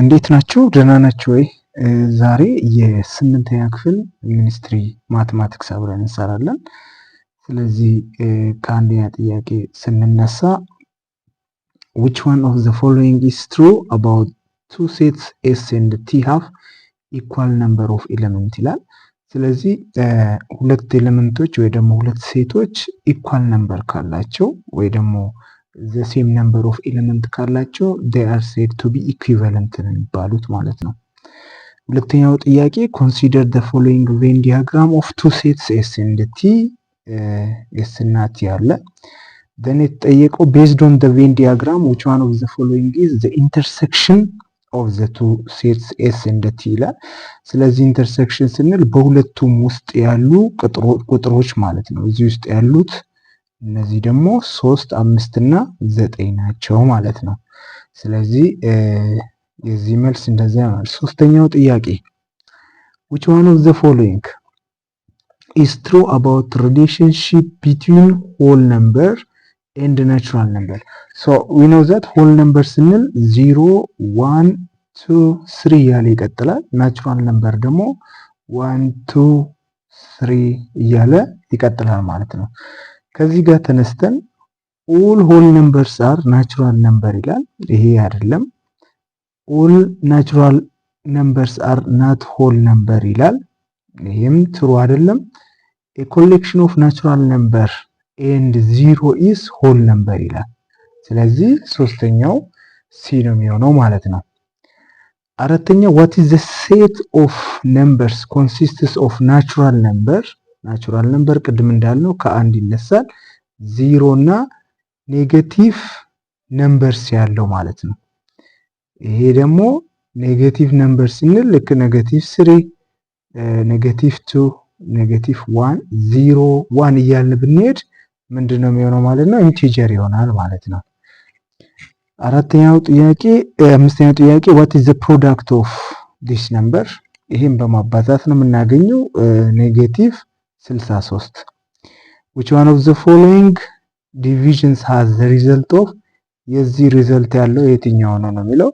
እንዴት ናችሁ? ደህና ናችሁ ወይ? ዛሬ የስምንተኛ ክፍል ሚኒስትሪ ማትማቲክስ አብረን እንሰራለን። ስለዚህ ከአንደኛ ጥያቄ ስንነሳ ዊች ዋን ኦፍ ዘ ፎሎዊንግ ኢዝ ትሩ አባውት ቱ ሴትስ ኤስ ኤንድ ቲ ሃፍ ኢኳል ነምበር ኦፍ ኤለመንት ይላል። ስለዚህ ሁለት ኤሌመንቶች ወይ ደግሞ ሁለት ሴቶች ኢኳል ነምበር ካላቸው ወይ ደግሞ ዘ ሴም ነምበር ኦፍ ኤሌመንት ካላቸው ዴይ አር ሴድ ቱ ቢ ኢኩቫለንት ነው የሚባሉት ማለት ነው። ሁለተኛው ጥያቄ ኮንሲደር ዘ ፎሎዊንግ ቬን ዲያግራም ኦፍ ቱ ሴትስ ኤስ ኤንድ ቲ ኤስ እና ቲ አለ። ደን የተጠየቀው ቤዝድ ኦን ዘ ቬን ዲያግራም ዊች ዋን ኦፍ ዘ ፎሎዊንግ ኢዝ ዘ ኢንተርሴክሽን ኦፍ ዘ ቱ ሴትስ ኤስ ኤንድ ቲ ይላል። ስለዚህ ኢንተርሴክሽን ስንል በሁለቱም ውስጥ ያሉ ቁጥሮች ማለት ነው እዚህ ውስጥ ያሉት እነዚህ ደግሞ ሶስት አምስት እና ዘጠኝ ናቸው ማለት ነው። ስለዚህ የዚህ መልስ እንደዚያ ነው። ሶስተኛው ጥያቄ which one of the following is true about relationship between whole number and natural number so we know that whole number ስንል 0 1 2 3 እያለ ይቀጥላል። ናቹራል ነምበር ደግሞ 1 2 3 እያለ ይቀጥላል ማለት ነው። ከዚህ ጋር ተነስተን ኦል ሆል ነምበርስ አር ናቹራል ነምበር ይላል። ይሄ አይደለም። ኦል ናቹራል ነምበርስ አር ናት ሆል ነምበር ይላል። ይህም ትሩ አይደለም። ኤ ኮሌክሽን ኦፍ ናቹራል ነምበር ኤንድ ዚሮ ኢስ ሆል ነምበር ይላል። ስለዚህ ሶስተኛው ሲ ነው የሚሆነው ማለት ነው። አራተኛው ዋት ኢዝ ዘ ሴት ኦፍ ነምበርስ ኮንሲስትስ ኦፍ ናቹራል ነምበር ናቹራል ነምበር ቅድም እንዳልነው ከአንድ ይነሳል። ዚሮ እና ኔጌቲቭ ነምበርስ ያለው ማለት ነው። ይሄ ደግሞ ኔጌቲቭ ነምበር ስንል ልክ ኔጌቲቭ ስሪ፣ ኔጌቲቭ ቱ፣ ኔጌቲቭ ዋን፣ ዚሮ፣ ዋን እያልን ብንሄድ ምንድን ነው የሚሆነው ማለት ነው? ኢንቲጀር ይሆናል ማለት ነው። አራተኛው ጥያቄ አምስተኛው ጥያቄ ዋት ኢዝ ዘ ፕሮዳክት ኦፍ ዲስ ነምበር። ይህም በማባዛት ነው የምናገኘው ኔጌቲቭ 63 which one of the following divisions has the result of የዚህ ሪዘልት ያለው የትኛው ነው ነው የሚለው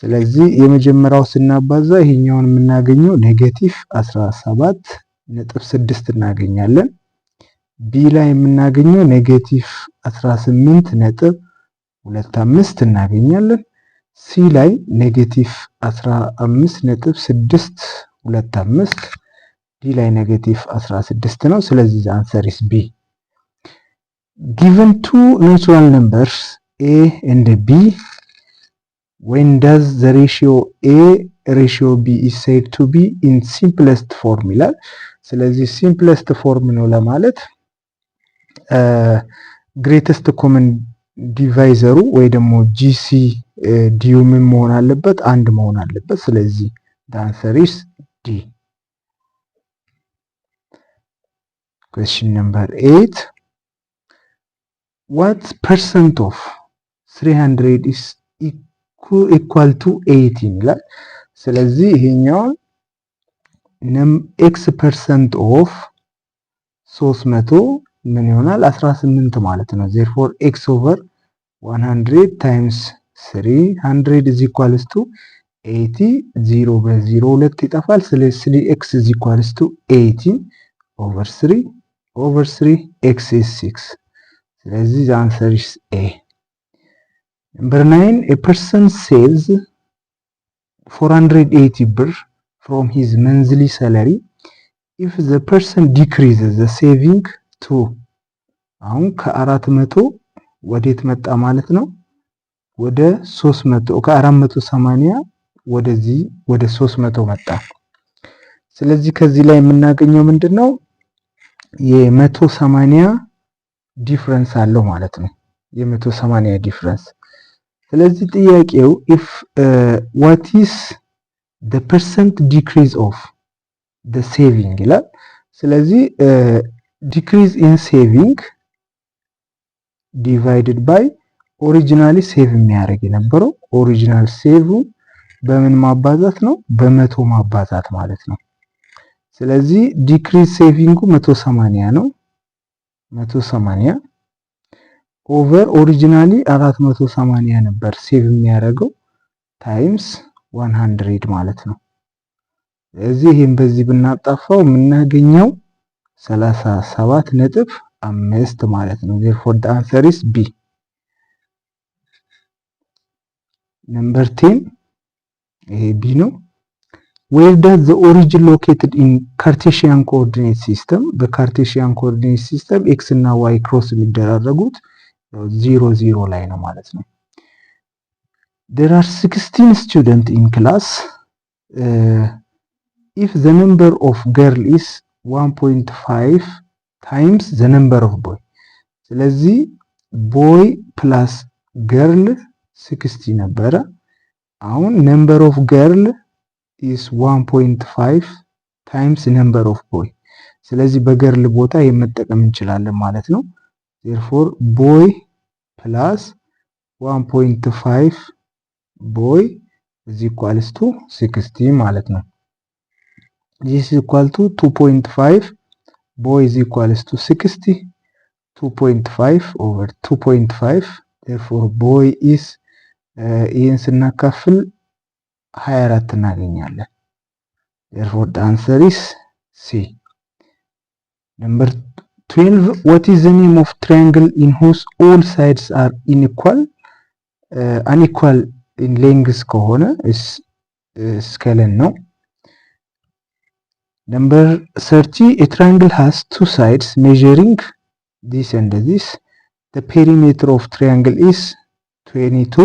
ስለዚህ የመጀመሪያው ስናባዛ ይሄኛውን የምናገኘው ኔጌቲቭ 17 ነጥብ 6 እናገኛለን። ቢ ላይ የምናገኘው ኔጌቲቭ 18 ነጥብ 25 እናገኛለን። ሲ ላይ ኔጌቲቭ 15 ነጥብ 25 ዲ ላይ ኔጌቲቭ 16 ነው። ስለዚህ አንሰር ኢስ ቢ። ጊቨን ቱ ኔቹራል ነምበርስ ኤ ኤንድ ቢ ወን ዳዝ ዘ ሬሽዮ ኤ ሬሽዮ ቢ ኢዝ ሴድ ቱ ቢ ኢን ሲምፕለስት ፎርም ይላል። ስለዚህ ሲምፕለስት ፎርም ነው ለማለት ግሬተስት ኮመን ዲቫይዘሩ ወይ ደግሞ ጂሲ ዲዩ ምን መሆን አለበት? አንድ መሆን አለበት። ስለዚህ ኢስ ዲ Question number 8. What percent of 300 is equal to 18 ይላል። ስለዚህ ይሄኛውን ኤክስ ፐርሰንት ኦፍ 300 ምን ይሆናል 18 ማለት ነው። ዜርፎር ኤክስ ኦቨር 100 ታይምስ 300 ኢዝ ኢኳልስ ቱ 80 ዜሮ በዜሮ ሁለት ይጠፋል። ስለዚህ ኤክስ ኢዝ ኢኳልስ ቱ 18 ኦቨር 3 ኦቨር 3 ኤክስ ኢዝ 6 ስለዚህ ዘ አንሰር ኢዝ ኤ። ነምበር 9 ኤ ፐርሰን ሴቭዝ 480 ብር ፍሮም ሂዝ መንዝሊ ሰለሪ ኢፍ ዘ ፐርሰን ዲክሪዝ ዘ ሴቪንግ ቱ። አሁን ከአራት መቶ ወዴት መጣ ማለት ነው? ወደ ሶስት ከአራት መቶ ሰማንያ ወደዚህ ወደ ሶስት መቶ መጣ። ስለዚህ ከዚህ ላይ የምናገኘው ምንድን ነው? የመቶ ሰማንያ ዲፍረንስ አለው ማለት ነው። የመቶ ሰማንያ ዲፍረንስ። ስለዚህ ጥያቄው ኢፍ ዋት ኢስ ደ ፐርሰንት ዲክሪዝ ኦፍ ደ ሴቪንግ ይላል። ስለዚህ ዲክሪዝ ኢን ሴቪንግ ዲቫይድድ ባይ ኦሪጂናሊ ሴቭ የሚያደርግ የነበረው ኦሪጂናል ሴቭ በምን ማባዛት ነው? በመቶ ማባዛት ማለት ነው። ስለዚህ ዲክሪስ ሴቪንጉ 180 ነው። 180 ኦቨር ኦሪጂናሊ 480 ነበር ሴቭ የሚያደርገው ታይምስ 100 ማለት ነው። ስለዚህ ይህም በዚህ ብናጣፋው የምናገኘው 37 ነጥብ አምስት ማለት ነው። therefore ዳ answer is B. ነምበር 10 ይሄ ቢ ነው። where does the origin located in ካርቴሽያን ኮኦርዲኔት ሲስተም በካርቴሽያን ኮኦርዲኔት ሲስተም ኤክስ እና ዋይ ክሮስ የሚደራረጉት ዚሮ ዚሮ ላይ ነው ማለት ነው። there are ስቱደንት students in class uh, if the number of girl is 1.5 times the number of boy ስለዚህ ቦይ ፕላስ ገርል 60 ነበረ። አሁን ነምበር ኦፍ ገርል ኢስ 1.5 ታይምስ ነምበር ኦፍ ቦይ። ስለዚህ በገርል ቦታ የመጠቀም እንችላለን ማለት ነው። ዜርፎር ቦይ ፕላስ 1.5 ቦይ እዚ ኢኳልስ ቱ 60 ማለት ነው። ዚስ ኢኳል ቱ 2.5 ቦይ እዚ ኢኳልስ ቱ 60 2.5 ኦቨር 2.5 ዜርፎር ቦይ ኢስ ይህን ስናካፍል 24 እናገኛለን። therefore the answer is C number 12 what is the name of triangle in whose all sides are unequal uh, unequal in length ከሆነ is ስኬለን uh, No. number 30 a triangle has two sides measuring this and this the perimeter of triangle is 22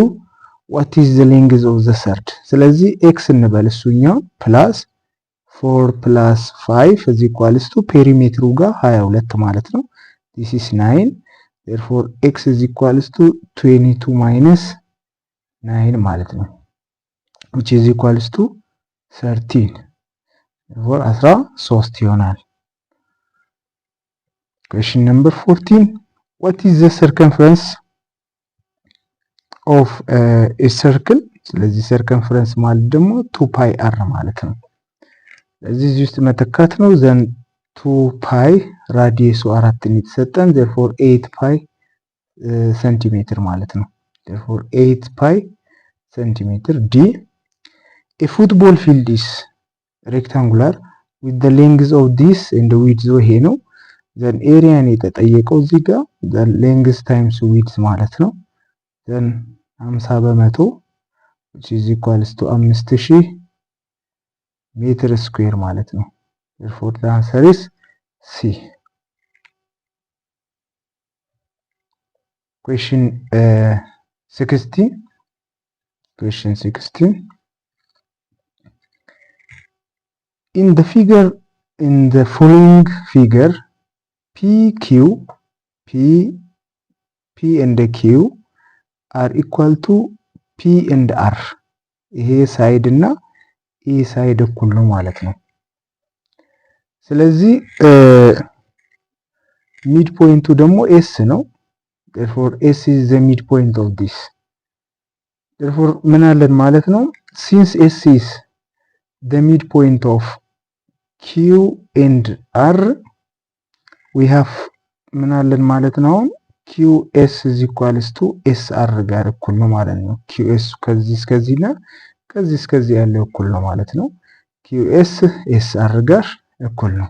ዋት ኢዝ ዘ ሌንግዝ ኦፍ ዘ ሰርድ። ስለዚህ ኤክስ እንበል እሱኛው ፕላስ ፎር ፕላስ ፋይቭ እዚ ኢኳልስ ቱ ፔሪሜትሩ ጋር ሀያ ሁለት ማለት ነው። ዲስ ኢስ ናይን ዴርፎር ኤክስ እዚ ኢኳልስ ቱ ትዌንቲ ቱ ማይነስ ናይን ማለት ነው ዊች ኢዝ ኢኳልስ ቱ ሰርቲን ዴርፎር አስራ ሶስት ይሆናል። ኩዌሽን ነምበር ፎርቲን ዋት ኢዝ ዘ ሰርከምፈረንስ ኦፍ ሰርክል eh, ስለዚህ ሰርከንፈረንስ ማለት ደግሞ ቱ ፓይ አር ማለት ነው። ስለዚህ እዚህ ውስጥ መተካት ነው። ዘን ቱ ፓይ ራዲየሱ አራት የተሰጠን ዘርፎር ኤይት ፓይ ሴንቲሜትር ማለት ነው። ዘርፎር ኤይት ፓይ ሴንቲሜትር ዲ ኤ ፉትቦል ፊልድ ኢስ ሬክታንጉላር ዊዝ ዘ ሌንግዝ ኦፍ ዲስ ኤንድ ዊድዝ ይሄ ነው። ዘን ኤሪያን የተጠየቀው እዚህ ጋር ዘን ሌንግዝ ታይምስ ዊድዝ ማለት ነው። ዘን አምሳ በመቶ ዊች ኢኳልስ ቱ አምስት ሺህ ሜትር ስኩዌር ማለት ነው። አንሰር ዳንሰሪስ ሲ ኩዌሽን ሲክስቲን ኩዌሽን ሲክስቲን ኢን ደ ፊገር ኢን ደ ፎሎዊንግ ፊገር ፒ ኪው ፒ ፒ ኤንድ ኪው አር ኢኳል ቱ ፒ ኤንድ አር ይሄ ሳይድ እና ኢ ሳይድ እኩል ነው ማለት ነው። ስለዚህ ሚድ ፖይንቱ ደግሞ ኤስ ነው። therefore ኤስ is the midpoint of this therefore ምን አለን ማለት ነው ሲንስ ኤስ is the midpoint of q and r we have ምን አለን ማለት ነው ኪዩኤስ እዚ ኢኳልስ ኤስ አር ጋር እኩል ነው ማለት ነው። ኪዩኤስ ከዚህ እስከዚህ እና ከዚህ እስከዚህ ያለው እኩል ነው ማለት ነው። ኪዩኤስ ኤስ አር ጋር እኩል ነው።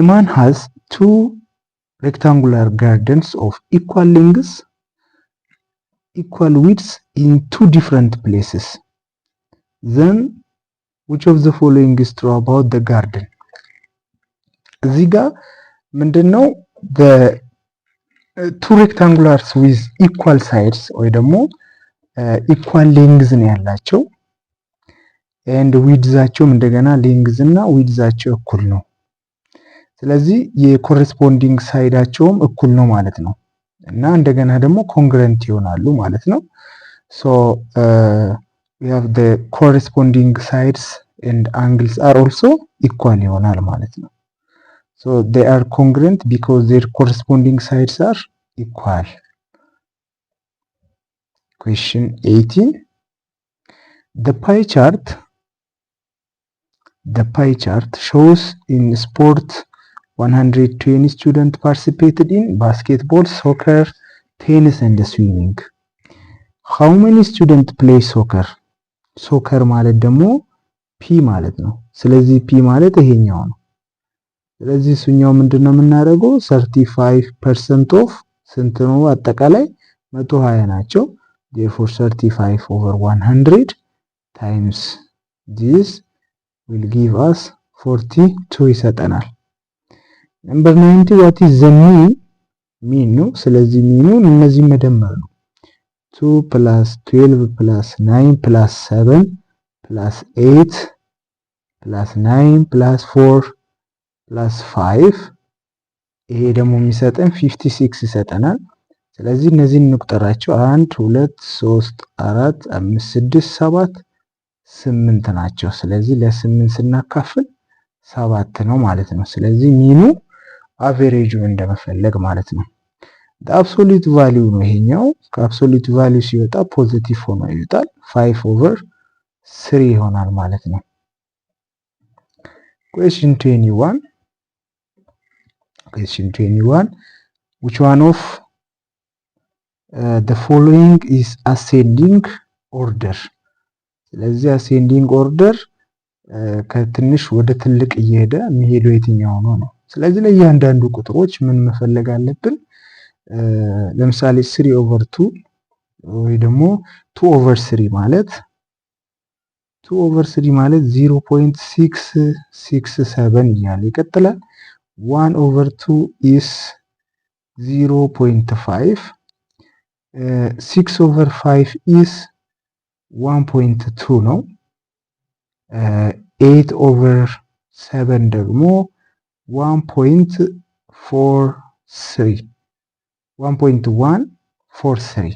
ኤማን ሃዝ ቱ ሬክታንጉላር ጋርደንስ ኦፍ ኢኳል ሊንግስ ኢኳል ዊድስ ኢን ቱ ዲፍረንት ፕሌስስ ዘን ዊች ኦፍ ዘ ፎሎዊንግ ኢዝ ትሩ አባውት ዘ ጋርደን እዚህ ጋር ምንድን ነው ቱ ሬክታንጉላርስ ዊዝ ኢኳል ሳይድስ ወይ ደግሞ ኢኳል uh, ሌንግዝ ነው ያላቸው ኤንድ ዊድዛቸውም እንደገና ሌንግዝ እና ዊድዛቸው እኩል ነው። ስለዚህ የኮሬስፖንዲንግ ሳይዳቸውም እኩል ነው ማለት ነው እና እንደገና ደግሞ ኮንግረንት ይሆናሉ ማለት ነው። ሶ ዊ ሃቭ ዘ ኮሬስፖንዲንግ ሳይድስ ኤንድ አንግልስ አር ኦልሶ ኢኳል ይሆናል ማለት ነው። So they are congruent because their corresponding sides are equal. Question 18. The pie chart the pie chart shows in sport 120 students participated in basketball, soccer, tennis and swimming. How many students play Soccer Soccer ማለት ደግሞ ፒ ማለት ነው። ስለዚህ p ማለት ይሄኛው ስለዚህ እሱኛው ምንድነው የምናደርገው 35 ፐርሰንት ኦፍ ስንት ነው? አጠቃላይ 120 ናቸው። ዴርፎር 35 ኦቨር ዋን ሀንድሬድ ታይምስ ዲስ ዊል ጊቭ አስ ፎርቲ ቱ ይሰጠናል። ነምበር 90 ዋት ኢዝ ዘ ሚን ሚን ነው። ስለዚህ ሚኑን እነዚህ መደመር ነው። ቱ ፕላስ 12 ፕላስ 9 ፕላስ 7 ፕላስ 8 ፕላስ ናይን ፕላስ ፎር ፕላስ ፋይቭ ይሄ ደግሞ የሚሰጠን ፊፍቲ ሲክስ ይሰጠናል። ስለዚህ እነዚህን እንቁጠራቸው አንድ ሁለት ሶስት አራት አምስት ስድስት ሰባት ስምንት ናቸው። ስለዚህ ለስምንት ስናካፍል ሰባት ነው ማለት ነው። ስለዚህ ሚኑ አቨሬጁ እንደመፈለግ ማለት ነው። አብሶሉት ቫሊዩ ነው ይሄኛው። ከአብሶሉት ቫሊዩ ሲወጣ ፖዚቲቭ ሆኖ ይወጣል። ፋይቭ ኦቨር ስሪ ይሆናል ማለት ነው። ኩዌስችን 21 question 21 which one of uh, the following is ascending order ስለዚህ አሴንዲንግ ኦርደር uh, ከትንሽ ወደ ትልቅ እየሄደ የሚሄደው የትኛው ነው ነው። ስለዚህ ለእያንዳንዱ ቁጥሮች ምን መፈለግ አለብን? Uh, ለምሳሌ ስሪ ኦቨር ቱ ወይ ደግሞ ቱ ኦቨር ስሪ ማለት ቱ ኦቨር ስሪ ማለት ዚሮ ፖይንት ሲክስ ሲክስ ሰቨን እያለ ይቀጥላል። ዋን ኦቨር ቱ ኢስ ዚሮ ፖይንት 0 ሲክስ ኦቨር 6 ኢስ ዋን ፖይንት ቱ ነው። ኤት ኦቨር ሰቨን ደግሞ ዋን ዋን ፎር ስሪ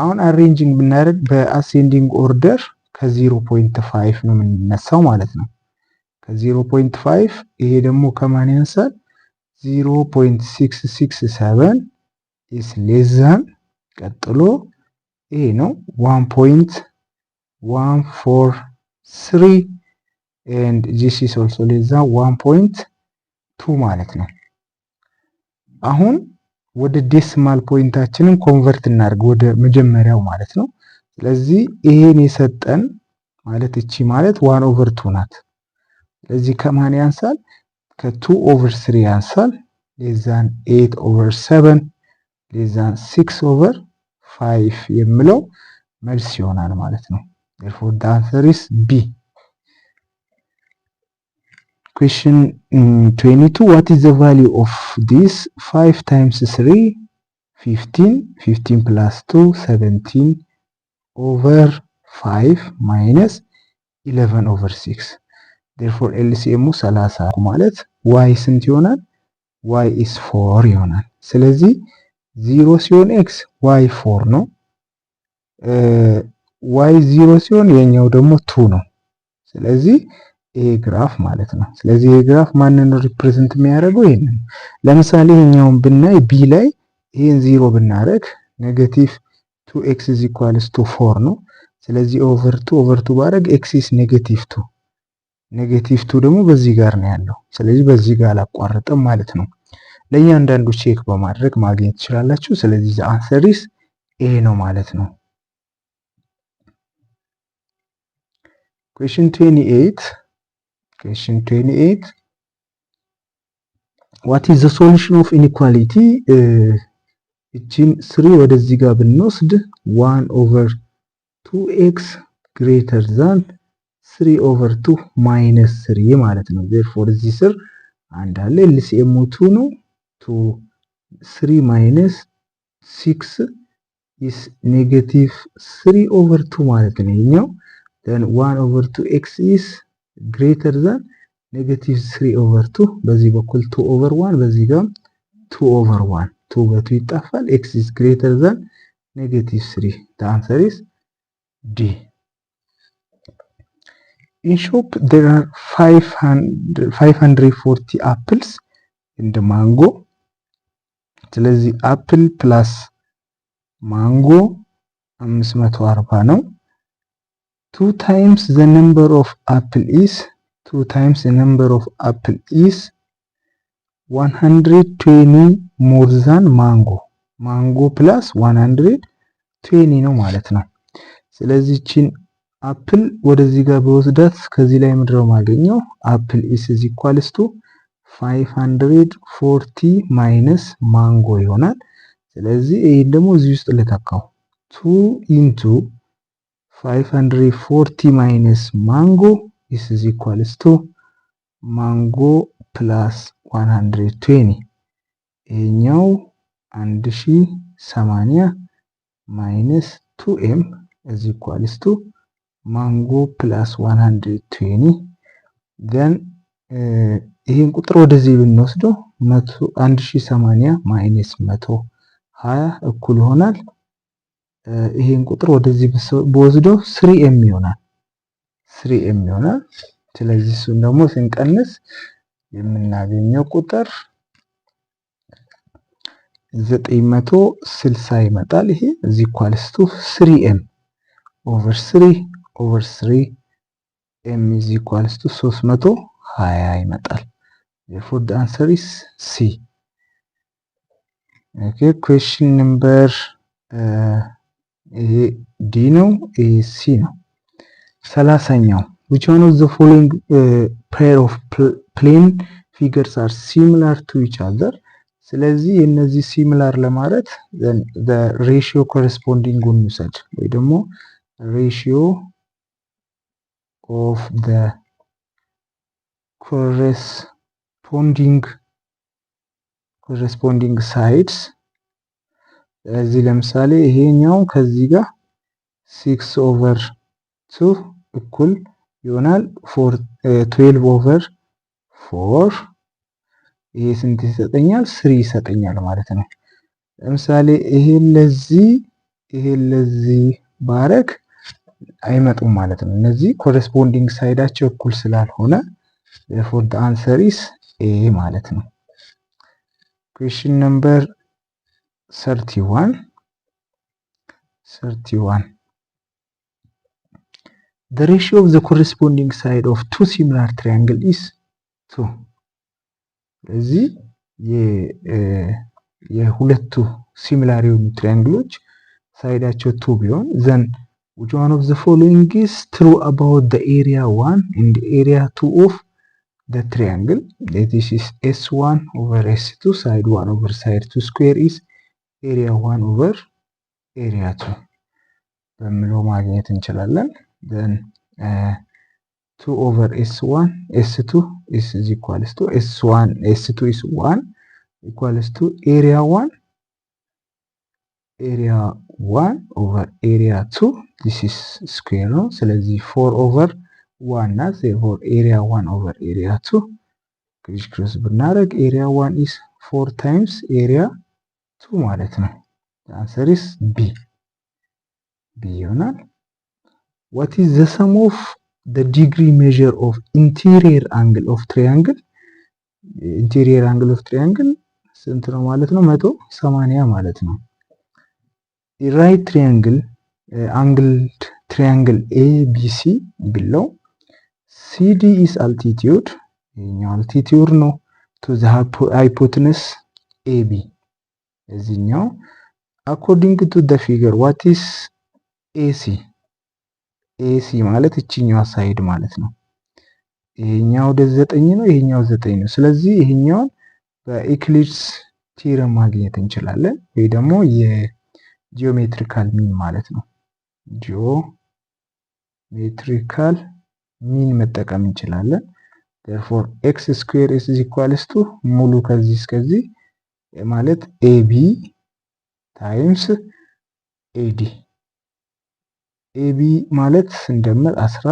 አሁን አሬንጂንግ ብናደርግ በአሴንዲንግ ኦርደር ከዚሮ ፖይንት 05 ነው የምንነሳው ማለት ነው። ከዜሮ ፖይንት ፋይቭ ይሄ ደግሞ ከማን ያንሳል? ዜሮ ፖይንት ሲክስ ሲክስ ሰቨን ኢስ ሌዛን ቀጥሎ ይሄ ነው ዋን ፖይንት ዋን ፎር ስሪ ኤንድ ጂሲ ሶልሶ ሌዛ ዋን ፖይንት ቱ ማለት ነው። አሁን ወደ ዴስማል ፖይንታችንን ኮንቨርት እናድርግ ወደ መጀመሪያው ማለት ነው። ስለዚህ ይሄን የሰጠን ማለት እቺ ማለት ዋን ኦቨር ቱ ናት። እዚህ ከማን ያንሳል? ከቱ ኦቨር ስሪ ያንሳል። ሌዛን ኤት ኦቨር ሰቨን ሌዛን ሲክስ ኦቨር ፋይቭ የምለው መልስ ይሆናል ማለት ነው። therefore the answer is B. Question mm, 22 What is the value of this 5 times 3 15 15 plus 2 17 over 5 minus 11 over 6 ፎር ኤልሲኤሙ 30 ማለት ዋይ ስንት ይሆናል? ዋይ ኢስ ፎር ይሆናል። ስለዚህ ዚሮ ሲሆን ኤክስ ዋይ ፎር ነው። ዋይ ዚሮ ሲሆን የኛው ደግሞ ቱ ነው። ስለዚህ ይሄ ግራፍ ማለት ነው። ስለዚህ ይሄ ግራፍ ማንን ሪፕሬዘንት የሚያደርገው ይሄንን። ለምሳሌ ይሄኛውን ብናይ ቢ ላይ ይሄን ዚሮ ብናደርግ ኔጌቲቭ ቱ ኤክስ ኢዝ ኢኳልስ ቱ ፎር ነው። ስለዚህ ኦቨር ቱ ኦቨር ቱ ባደርግ ኤክስ ኢስ ኔጌቲቭ ቱ ኔጌቲቭ ቱ ደግሞ በዚህ ጋር ነው ያለው። ስለዚህ በዚህ ጋር አላቋረጥም ማለት ነው። ለእያንዳንዱ ቼክ በማድረግ ማግኘት ትችላላችሁ። ስለዚህ አንሰሪስ ኤ ነው ማለት ነው። ኩዌሽን 28 ኩዌሽን 28 ዋት ኢዝ ዘ ሶሉሽን ኦፍ ኢኒኳሊቲ እቺን ስሪ ወደዚህ ጋር ብንወስድ ዋን ኦቨር ቱ ኤክስ ግሬተር ዛን ስሪ ኦቨር ቱ ማይነስ ስሪ ማለት ነው። ዜርፎር እዚህ ስር አንድ አለ ኤልሲኤሙ ቱ ነው። ቱ ስሪ ማይነስ ሲክስ ኢስ ኔጌቲቭ ስሪ ኦቨር ቱ ማለት ነው። ይኛው ን ዋን ኦቨር ቱ ኤክስ ኢስ ግሬተር ዛን ኔጌቲቭ ስሪ ኦቨር ቱ በዚህ በኩል ቱ ኦቨር ዋን በዚህ ጋር ቱ ኦቨር ዋን ቱ በቱ ይጣፋል። ኤክስ ኢስ ግሬተር ዛን ኔጌቲቭ ስሪ ዳንሰሪስ ዲ in shop there are 540 apples and mango ስለዚህ አፕል ፕላስ ማንጎ 540 ነው። ቱ ታይምስ ዘ ነምበር ኦፍ አፕል ኢስ ቱ ታይምስ ዘ ነምበር ኦፍ አፕል ኢስ 120 ሞር ዛን ማንጎ ማንጎ ፕላስ 120 ነው ማለት ነው። ስለዚህ ቺን አፕል ወደዚህ ጋር በወስደት ከዚህ ላይ ምድረው ማገኘው አፕል ኢስ ኢዝ ኢኳልስ ቱ 540 ማይነስ ማንጎ ይሆናል። ስለዚህ ይህን ደግሞ እዚህ ውስጥ ልተካው 2 ኢንቱ 540 ማይነስ ማንጎ ኢስ ኢዝ ኢኳልስ ቱ ማንጎ ፕላስ 120 ይሄኛው 1080 ማይነስ 2 ኤም ኢዝ ኢኳልስ ቱ ማንጎ ፕላስ 120 ዘን ይህን ቁጥር ወደዚህ ብንወስደው 1080 ማይነስ 120 እኩል ይሆናል። ይህን ቁጥር ወደዚህ ብወስደው ስሪ ኤም ይሆናል ስሪ ኤም ይሆናል። ስለዚህ እሱን ደግሞ ስንቀንስ የምናገኘው ቁጥር 960 ይመጣል። ይሄ እዚህ ኳልስቱ ስሪ ኤም ኦቨር ስሪ ኦቨር ስሪ ኤም ኢዝ ኢኳልስ ቱ ሶስት መቶ ሀያ ይመጣል። ፎር አንሰር ኢዝ ሲ። ኦኬ ኩዌሽን ነምበር ይሄ ዲ ነው፣ ይሄ ሲ ነው። ሰላሳኛው which one of the following uh, pair of plane figures are similar to each other ስለዚህ እነዚህ ሲሚላር ለማለት the ratio corresponding እንውሰድ ወይ ደግሞ ratio of the corresponding corresponding sides እዚህ ለምሳሌ ይሄኛው ከዚህ ጋር ሲክስ ኦቨር ቱ እኩል ይሆናል ፎር ትዌልቭ ኦቨር ፎር ይሄ ስንት ይሰጠኛል? ስሪ ይሰጠኛል ማለት ነው። ለምሳሌ ይሄ ለዚህ ይሄ ለዚህ ባረግ አይመጡም ማለት ነው። እነዚህ ኮረስፖንዲንግ ሳይዳቸው እኩል ስላልሆነ ፎር ደ አንሰር ኢስ ኤ ማለት ነው። ኩዌሽን ነምበር ሰርቲ ዋን ሰርቲ ዋን ሬሽዮ ኦፍ ዘ ኮረስፖንዲንግ ሳይድ ኦፍ ቱ ሲሚላር ትሪያንግል ኢስ ቱ። ስለዚህ የሁለቱ ሲሚላር የሆኑ ትሪያንግሎች ሳይዳቸው ቱ ቢሆን ዘን Which one of the following is true about the area 1 and area 2 of the triangle? This is S1 over S2, side 1 over side 2 square is area 1 over area 2 በምለው ማግኘት እንችላለን። then uh, 2 over S1 S2 is equal to S1 S2 is 1 equals to area 1 ኤሪያ ዋን ኦቨር ኤሪያ ቱ ዲስ ስኩዌር ነው። ስለዚህ ፎር ኦቨር ዋን ናት። ፎር ኤሪያ ዋን ኦቨር ኤሪያ ቱ ክሪስ ክሮስ ብናደረግ ኤሪያ ዋን ኢስ ፎር ታይምስ ኤሪያ ቱ ማለት ነው። አንሰሪስ ቢ ቢ ይሆናል። ዋት ኢዝ ዘ ሰም ኦፍ ዘ ዲግሪ ሜዥር ኦፍ ኢንቴሪየር አንግል ኦፍ ትሪያንግል ኢንቴሪየር አንግል ኦፍ ትሪያንግል ስንት ነው ማለት ነው? መቶ ሰማንያ ማለት ነው። right triangle uh, angled triangle abc below cd is altitude ይሄኛው አልቲቲዩድ ነው to the hypotenuse ab እዚህኛው according to the figure what is ac ac ማለት እቺኛዋ ሳይድ ማለት ነው። ይሄኛው ወደ ዘጠኝ ነው፣ ይሄኛው ዘጠኝ ነው። ስለዚህ ይሄኛውን በኢክሊፕስ ቲረም ማግኘት እንችላለን ወይ ደግሞ ጂኦሜትሪካል ሚን ማለት ነው። ጂኦሜትሪካል ሚን መጠቀም እንችላለን። ዴርፎር ኤክስ ስኩዌር ኢስ ኢኳልስ ቱ ሙሉ ከዚህ እስከዚህ ማለት ኤቢ ታይምስ ኤዲ ኤቢ ማለት ስንደምር አስራ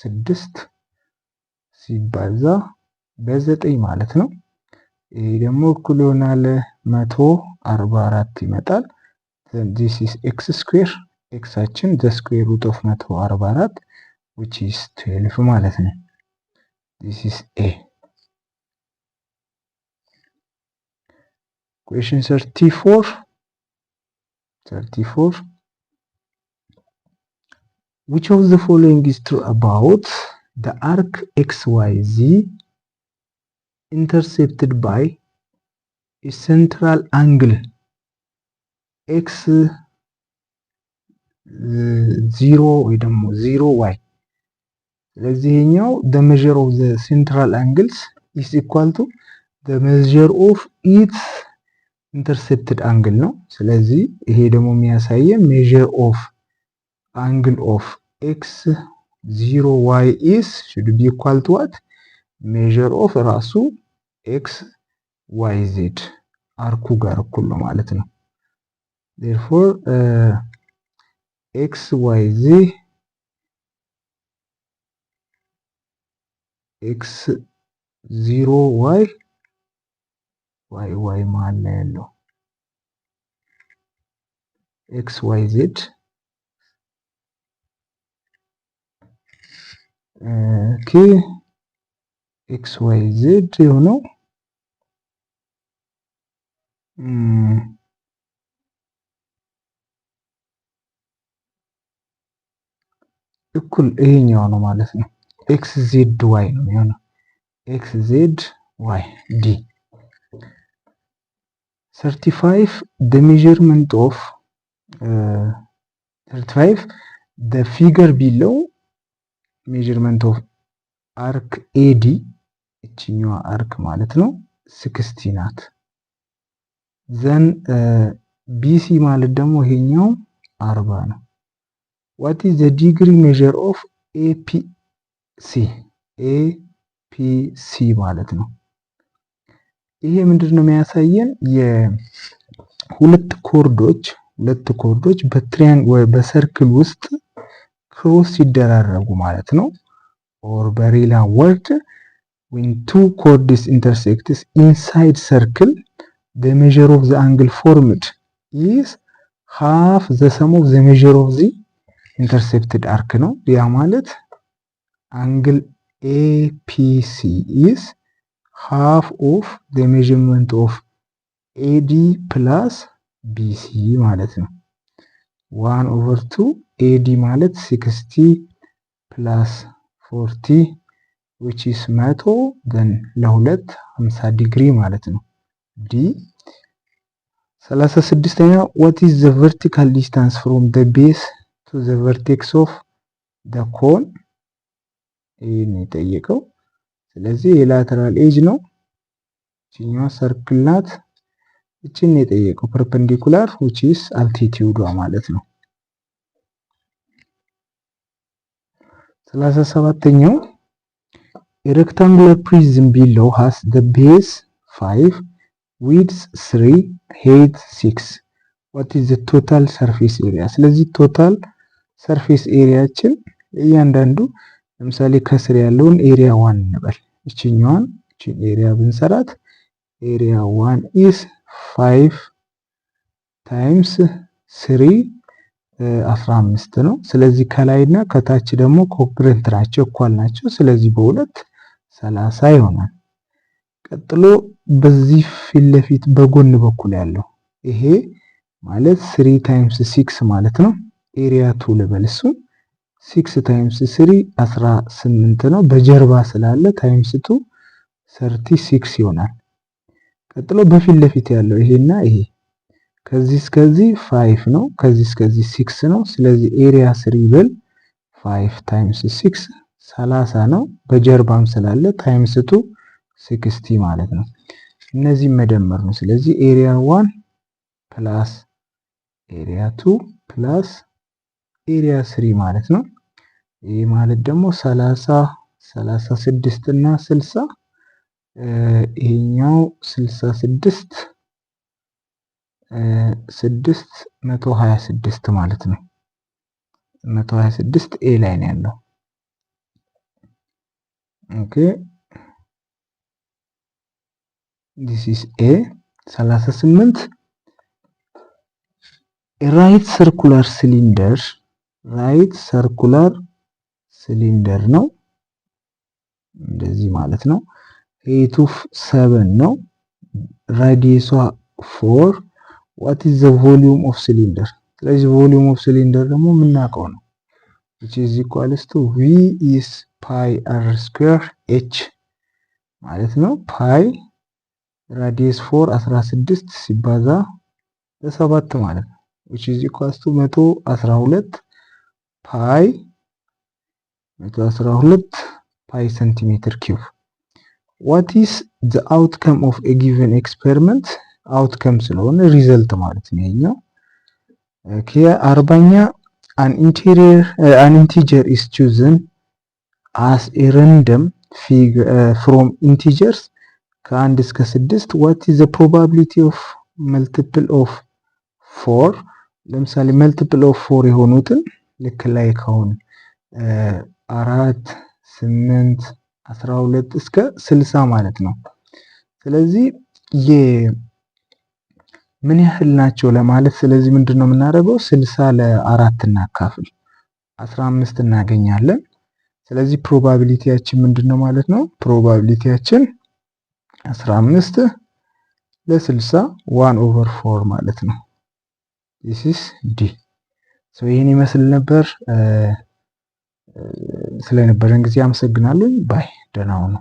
ስድስት ሲባዛ በዘጠኝ ማለት ነው። ይህ ደግሞ እኩል ይሆናል መቶ አርባ አራት ይመጣል። then this is x square ኤክሳችን ዘ ስኩዌር ሩት ኦፍ 144 which is 12 ማለት this is a question 34 34 which of the following is true about the arc xyz intercepted by a central angle ኤክስ ዚሮ ወይ ደግሞ ዚሮ ዋይ። ስለዚህ ይሄኛው ደ ሜዠር ኦፍ ዘ ሴንትራል አንግልስ ኢስ ኢኳል ቱ ደ ሜዠር ኦፍ ኢት ኢንተርሴፕትድ አንግል ነው። ስለዚህ ይሄ ደግሞ የሚያሳየ ሜዠር ኦፍ አንግል ኦፍ ኤክስ ዚሮ ዋይ ኢስ ሹድ ቢ ኢኳል ቱ ዋት ሜዠር ኦፍ ራሱ ኤክስ ዋይ ዜድ አርኩ ጋር እኩል ነው ማለት ነው። Therefore, uh, x, y, z x 0 y y y መሀል ላይ ያለው ኤክስ ዋይ ዜድ ኦኬ ኤክስ ዋይ ዜድ የሆነው um, እኩል ይሄኛው ነው ማለት ነው። ኤክስ ዜድ ዋይ ነው የሚሆነው። ኤክስ ዜድ ዋይ ዲ ሰርቲ ፋይቭ ደ ሜዠርመንት ኦፍ ሰርቲ ፋይቭ ደ ፊገር ቢለው ሜዠርመንት ኦፍ አርክ ኤዲ እችኛዋ አርክ ማለት ነው ስክስቲ ናት። ዘን ቢሲ ማለት ደግሞ ይሄኛው አርባ ነው። What is the degree measure of ኤፒሲ ኤፒሲ ማለት ነው። ይሄ ምንድን ነው የሚያሳየን የሁለት ኮርዶች ሁለት ኮርዶች በትሪያንግል በሰርክል ውስጥ ክሮስ ሲደራረጉ ማለት ነው። ኦር በሌላ ወርድ when two chords intersects inside circle the measure of the angle formed is half the sum of the measure of the ኢንተርሴፕትድ አርክ ነው። ያ ማለት አንግል ኤፒሲ ኢዝ ሃፍ ኦፍ ዘ ሜዥርመንት ኦፍ ኤዲ ፕላስ ቢሲ ማለት ነው። ዋን ኦቨር ቱ ኤዲ ማለት ሲክስቲ ፕላስ ፎርቲ ዊች ኢስ መቶ ዘን ለሁለት ሀምሳ ዲግሪ ማለት ነው። ዲ ሰላሳ ስድስተኛ ዋት ኢዝ ዘ ቨርቲካል ዲስታንስ ፍሮም ዘ ቤስ ሶ ዘ ቨርቴክስ ኦፍ ደ ኮን ይሄን የጠየቀው። ስለዚህ የላተራል ኤጅ ነው። እችኛዋ ሰርክል ናት። እችን የጠየቀው ፐርፐንዲኩላር which is altitude ማለት ነው። ሰላሳ ሰባተኛው የሬክታንጉላር ፕሪዝም ቢለው ሃስ ደ ቤዝ 5 ዊድስ 3 ሄድ 6 ዋት ኢዝ ቶታል ሰርፌስ ኤሪያ። ስለዚህ ቶታል ሰርፌስ ኤሪያችን እያንዳንዱ ለምሳሌ ከስር ያለውን ኤሪያ ዋን እንበል። እችኛዋን እችን ኤሪያ ብንሰራት ኤሪያ ዋን ኢስ ፋይቭ ታይምስ ስሪ አስራ አምስት ነው። ስለዚህ ከላይና ከታች ደግሞ ኮንግረንት ናቸው፣ እኳል ናቸው። ስለዚህ በሁለት ሰላሳ ይሆናል። ቀጥሎ በዚህ ፊት ለፊት በጎን በኩል ያለው ይሄ ማለት ስሪ ታይምስ ሲክስ ማለት ነው። ኤሪያ ቱ ልበል እሱ ሲክስ ታይምስ ስሪ አስራ ስምንት ነው። በጀርባ ስላለ ታይምስ ቱ ሰርቲ ሲክስ ይሆናል። ቀጥሎ በፊት ለፊት ያለው ይሄና ይሄ ከዚህ እስከዚህ ፋይፍ ነው። ከዚህ እስከዚህ ሲክስ ነው። ስለዚህ ኤሪያ ስሪ ብል ፋይፍ ታይምስ ሲክስ ሰላሳ ነው። በጀርባም ስላለ ታይምስ ቱ ሲክስቲ ማለት ነው። እነዚህ መደመር ነው። ስለዚህ ኤሪያ ዋን ፕላስ ኤሪያ ቱ ፕላስ ኤሪያ ስሪ ማለት ነው። ይህ ማለት ደግሞ ሰላሳ ሰላሳ ስድስት እና ስልሳ ይሄኛው ስልሳ ስድስት ስድስት መቶ ሀያ ስድስት ማለት ነው። መቶ ሀያ ስድስት ኤ ላይ ነው ያለው። ኦኬ ዲስ ኢስ ኤ ሰላሳ ስምንት ራይት ሰርኩላር ሲሊንደር ራይት ሰርኩላር ሲሊንደር ነው። እንደዚህ ማለት ነው። ኤይት ኦፍ ሰቨን ነው። ራዲየሷ ፎር ዋት ኢዝ ዘ ቮሊዩም ኦፍ ሲሊንደር። ስለዚህ ቮሊዩም ኦፍ ሲሊንደር ደግሞ የምናውቀው ነው which is equal to v is pi r square h ማለት ነው። ፓይ ራዲየስ 4 16 ሲባዛ ለ7 ማለት ነው which is equal to 112 ፓይ 12 ፓይ ሴንቲሜትር ኪዩብ ዋት ኢዝ ዘ አውትካም ኦፍ ኤ ጊቨን ኤክስፔሪመንት አውትካም ስለሆነ ሪዘልት ማለት ነው ይሄኛው። ከአርባኛ አን ኢንቲጀር ኢስ ቹዝን አስ ኤ ረንደም ፍሮም ኢንቲጀርስ ከአንድ እስከ ስድስት ዋት ኢዝ ዘ ፕሮባቢሊቲ ኦፍ መልቲፕል ኦፍ ፎር ለምሳሌ መልቲፕል ኦፍ ፎር የሆኑትን ልክ ላይ ከሆነ አራት ስምንት አስራ ሁለት እስከ ስልሳ ማለት ነው። ስለዚህ ምን ያህል ናቸው ለማለት ስለዚህ ምንድን ነው የምናደርገው ስልሳ ለአራት እናካፍል አስራ አምስት እናገኛለን። ስለዚህ ፕሮባቢሊቲያችን ምንድን ነው ማለት ነው ፕሮባቢሊቲያችን አስራ አምስት ለስልሳ ዋን ኦቨር ፎር ማለት ነው። ዲስ ኢዝ ዲ ይህን ይመስል ነበር። ስለነበረን ጊዜ አመሰግናለሁ። ባይ ደህና ሁኑ።